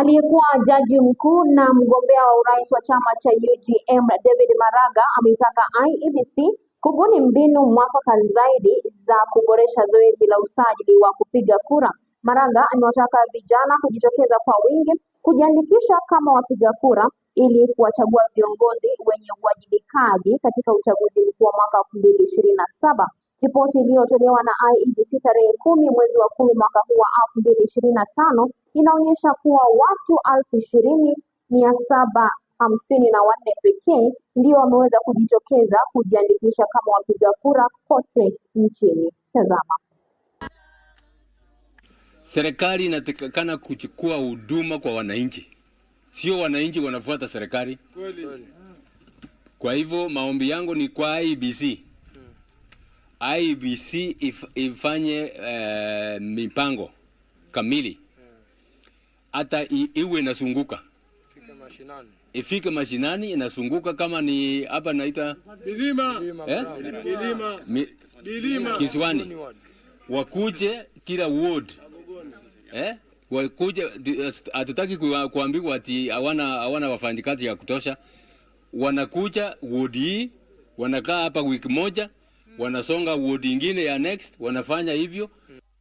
Aliyekuwa jaji mkuu na mgombea wa urais wa chama cha ugm David Maraga ameitaka IEBC kubuni mbinu mwafaka zaidi za kuboresha zoezi la usajili wa kupiga kura. Maraga amewataka vijana kujitokeza kwa wingi kujiandikisha kama wapiga kura ili kuwachagua viongozi wenye uwajibikaji katika uchaguzi mkuu wa mwaka elfu mbili ishirini na saba. Ripoti iliyotolewa na IEBC tarehe kumi mwezi wa kumi mwaka huu wa elfu mbili ishirini na tano inaonyesha kuwa watu elfu ishirini mia saba hamsini na wanne pekee ndio wameweza kujitokeza kujiandikisha kama wapiga kura kote nchini. Tazama. Serikali inatakikana kuchukua huduma kwa wananchi, sio wananchi wanafuata serikali. Kwa hivyo maombi yangu ni kwa IBC, IBC if, ifanye uh, mipango kamili hata iwe inasunguka ifike mashinani, inazunguka inasunguka, kama ni hapa naita milima eh? milima milima Kiswani, wakuje kila ward eh, wakuje. Hatutaki kuambiwa ati hawana hawana wafanyikazi ya kutosha. Wanakuja ward hii, wanakaa hapa wiki moja, wanasonga ward nyingine ya next, wanafanya hivyo